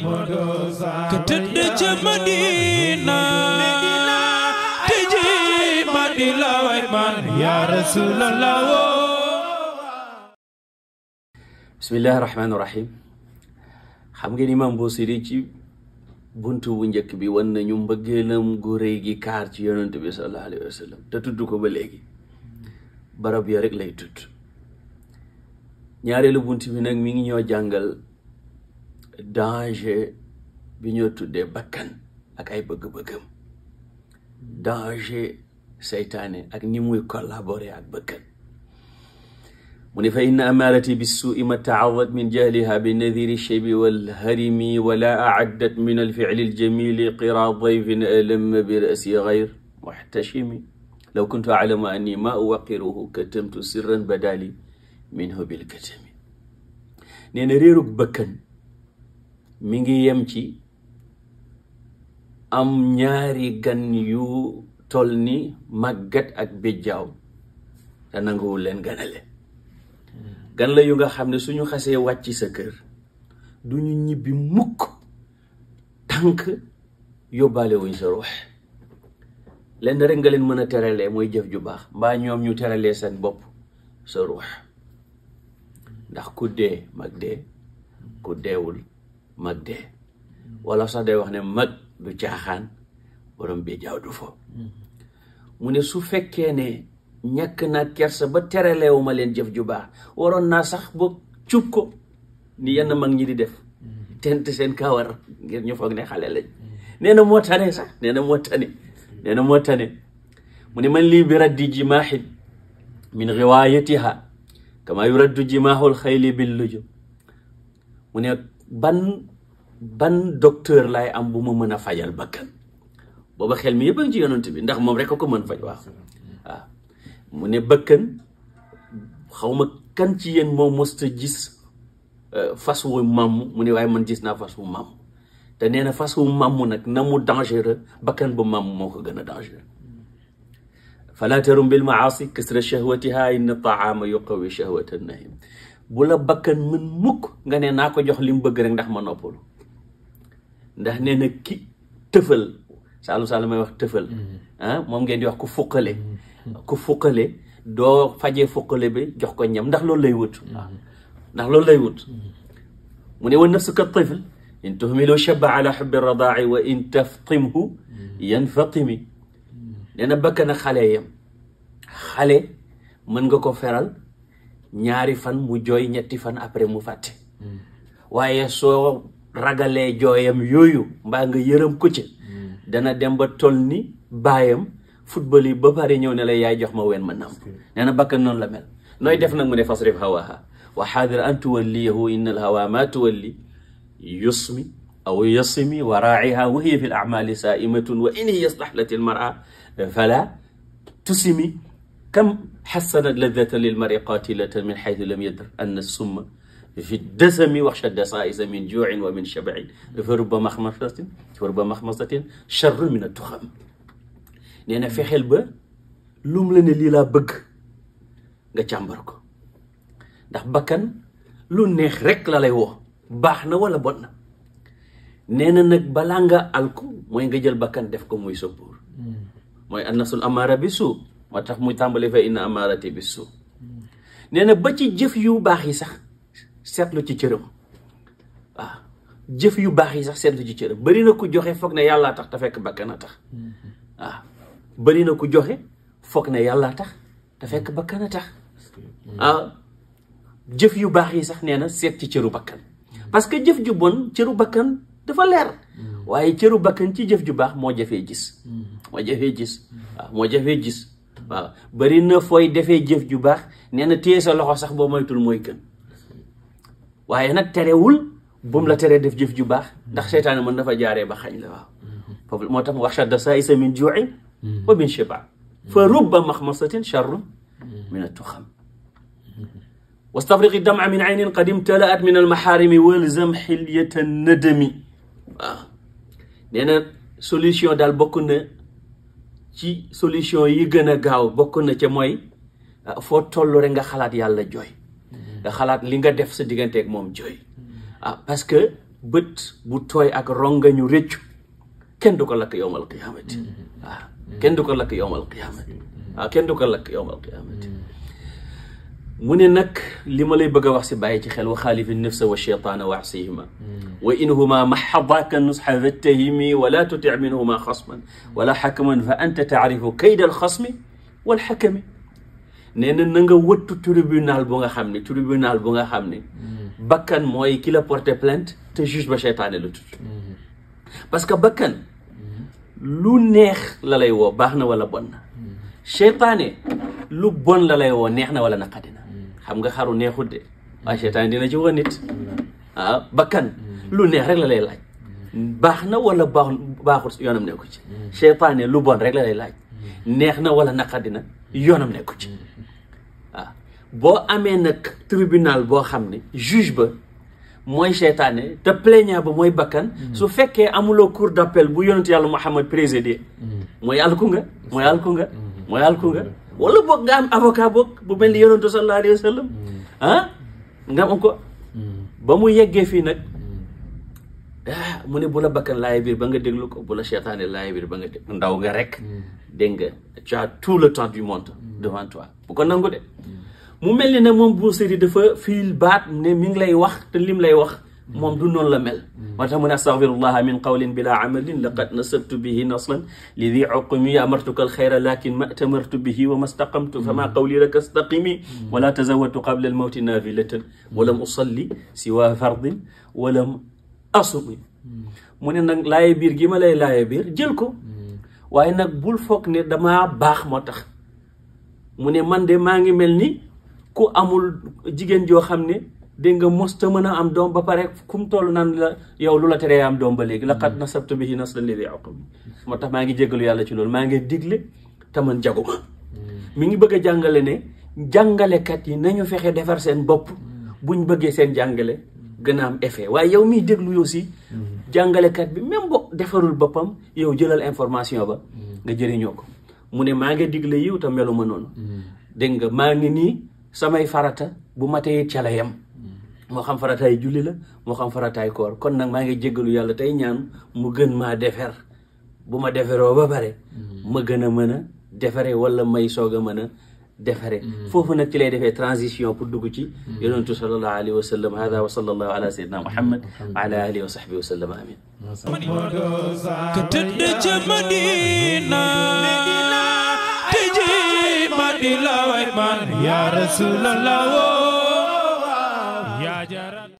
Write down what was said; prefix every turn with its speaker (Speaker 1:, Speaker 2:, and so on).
Speaker 1: ka tëdd oh. xam ngeen Imam Busiri ci buntu bu njëkk bi wan nañu mbëggeelam gu rëy gi kaar ci yonent bi sallallahu alayhi wa te tudd ko ba léegi barab ya rek lay ñaareelu bunt bi nag mi ngi ñoo jàngal danger bi ñoo tuddee bakkan ak ay bëgg-bëggam danger seytaane ak ni muy collaborer ak bakkan mu ne fa inna amaarati bissuui ma taawadat min jahliha bi nadiri chebi walharimi wala aaddat min alficli aljamili qira dayfin alamma bi rasi gayr muxtachimi law kuntu aclamu anni ma uwaqiruhu katamtu sirran badali minhu bilkatami nee na réerug bakkan mi ngi yem ci am ñaari gan yu toll ni màggat ak béjjaaw te nanguwul leen ganale gan la yu nga xam ne suñu xasee wàcc sa kër du ñu ñibbi mukk tànk yóbbaale wuñ sa ruux lenn rek nga leen mën a teralee mooy jëf ju baax mbaa ñoom ñu teralee seen bopp sa ruux ndax ku dee mag dee ku mag de wala sax day wax ne mag du caaxaan borom bi jaaw du fo mu ne su fekkee ne ñàkk naa kersa ba tereleewu ma leen jëf ju baax waroon naa sax ba cub ko ni yenn mag ñi di def tent seen kawar ngir ñu foog ne xale lañ nee na moo tane sax nee na moo tane mu ne man lii bi raddi jimaahin min riwaayatiha kama yuraddu jimaahul xayli bil mu ne ban ban docteur laay am bu ma mën a fajal bakkan booba xel mi yëpp a bi ndax moom rek ko mën faj waaw mu ne bakkan xaw ma kan ci yéen moo mosta gis euh, fas wu màmm mu ne waaye man gis naa fas wu màmm na fas wu màmm nag na mu dangereux bakkan bu màmm moo ko gën a dangereux fala tarum bil maasi kasra shahwatiha inna taama yuqawi shahwata nahim bu la bakkan mën mukk nga ne naa ko jox li mu bëgg rek ndax ma noppalu ndax nee na ki tëfal saalum saalum may wax tëfal mm-hmm. ah moom ngeen di wax ku fuqale mm-hmm. ku fuqale doo fajee fuqale bi jox ko ñam ndax loolu lay wut mm-hmm. ndax loolu lay wut mu ne woon nafsu ka tifl in tuhmilu shaba ala xubbi radaa'i wa in taftimhu yanfatimi fatimi na bakkan a xale yam xale mën nga ko feral ñaari fan mu jooy ñetti fan après mu fàtte waaye soo ragalee jooyam yooyu mbaa nga yërëm ko ci mm. dana dem ba toll ni baayam football yi ba pare ñëw ne la yaay jox ma wen ma nam nee na bakkan noonu la mel nooy def nag mu ne fasrif hawaha wa xaadir an tuwalliyahu inna al hawa ma tuwalli yusmi aw yasmi wa raaciha wa hiya fi l acmali saaimatun wa in hiya staxlat il mara fala tusimi kam xasanat ladata lil mari qatilatan min xaytu lam yadr ann summa wax في الدسم وخشى الدسائس من جوع ومن شبع فرب مخمصة فرب مخمصة شر من التخم mi na fexeel ba lum la ne lii laa bëgg nga càmbar ko ndax bakkan lu neex rek la lay woo baax na wala bon na nee na nag balaa nga alku mooy nga jël bakkan def ko muy soppoor mooy annasul amaara bi suu moo tax muy tàmbali fa inna amaarati bi suu nee na ba ci jëf yu baax yi sax seetlu ci cëram waaw jëf yu baax yi sax seetlu ci cëram bari na ku joxe foog ne yàllaa tax te fekk bakkan a tax mm-hmm. waaw bari na ku joxe foog ne yàllaa tax te fekk mm-hmm. bakkan a mm-hmm. jëf yu baax yi sax nee na seet ci cëru bakkan parce que jëf ju bon cëru bakkan dafa leer waaye cëru bakkan ci jëf ju baax moo jafee gis moo jafee gis waaw moo jafee gis waaw bari na fooy defee jëf ju baax nee na téye sa loxo sax boo moytul mooy gën waaye nag terewul bu mu la teree def jëf ju baax ndax seytaane mën na fa jaaree ba xañ la waaw foofu moo tax mu wax shadda saa'isa min juu'in wa min shiba fa rubba maxmasatin charrun min atuxam wastafriqi dama min aynin qad imtalaat min almaxaarimi walzam xilyata nadami waaw nee na solution daal bokk na ci solution yi gën a gaaw bokk na ca mooy ah, foo toll rek nga xalaat yàlla jooy nga xalaat li nga def sa digganteeg moom jooy ah parce que bët bu tooy ak rongañu rëccu kenn du ko lakk yowmal qiyaamati ah kenn du ko lakk yowmal qiyaamati ah kenn du ko lakk yowmal qiyaamati mu ne nag li ma lay bëgg a wax si bàyyi ci xel wa xaalifi nafsa wa cheytaana wa asihima wa inhuma maxadaaka nusxa wattahimi wala tutic minhuma xasman wala xakaman fa anta taarifu kayda alxasmi walxakami nee na na nga wëttu tribunal bu nga xam ne tribunal bu nga xam ne mm-hmm. bakkan mooy ki la porté te juge ba seytaane la tudd mm-hmm. parce que bakkan mm-hmm. lu neex la lay woo baax na wala bon na seytaane lu bon la lay woo neex na wala naqadi na xam nga xaru neexut de waaye seytaane dina ci woo nit ah bakkan lu neex rek la lay laaj baax na wala baaxul baaxut yoonam nekku ci seytaane lu bon rek la lay laaj neex na wala naqadi na yoonam nekku ci boo amee nag tribunal boo xam ne juge ba mooy seytaane te plaignant ba mooy bakkan mm-hmm. su fekkee amuloo cour d'appel bu yonent yàlla Muhammad présider mm-hmm. mooy alku nga mooy alku nga mm-hmm. mooy alku nga wala boog nga am avocat boog bu mel ni yonentu sallallahu alayhi wa sallam ah nga am ko ba mu yeggee fii nag ah mu ne bu la bakkan laay biir ba nga déglu ko bu la seytaane laay ba nga déglu ndaw nga rek dégg nga tu as tout le temps du monde devant toi bu ko nangu de mu mel ni nag moom Buusiri dafa fiil baat ne mi ngi lay wax te lim lay wax moom du noonu la mel moo tax mu ne astahfirullaha min qawlin bila amalin laqad nasabtu bihi naslan li di uqumi amartuka alxayra lakin ma tamartu bihi wa ma staqamtu fama qawli laka staqimi wala tazawatu qabla almawti nafilatan walam usalli siwa fardin walam asumi mu ne nag laaye biir gi ma lay laaye biir jël ko waaye nag bul foog ne damaa baax moo tax mu ne man de maa ngi mel ni ku amul jigéen joo xam ne dégg nga mosta mën a am doom ba pare ku mu toll naan la yow lu la teree am doom ba léegi na laqad nasabtu bihi naslan li yaqub moo tax maa ngi jégalu yàlla ci loolu maa ngi digle te man jago mi ngi bëgg a jàngale ne jàngalekat yi nañu fexe defar seen bopp buñ bëggee seen jàngale gën a am effet waaye yow miy déglu yow si jàngalekat bi même bo defarul boppam yow jëlal information ba nga jëriñoo ko mu ne maa ngi digle yiw te melu ma noonu mm. dégg maa ngi nii samay farata bu matee ca la yem mm. moo xam farataay julli la moo xam farataay kon nag maa ngi jéggalu yàlla tey ñaan mu gën maa defer bu ma deferoo ba pare mm. ma gën a mën a defere wala may soog a mën a defere mm. foofu nag ci lay defee transition pour dugg ci yonentu sallallahu alayhi wa sallam hada wa sallallahu ala sayyidina muhammad wa ala alihi wa sahbihi amin Fatima di la way man ya Rasulallah oh.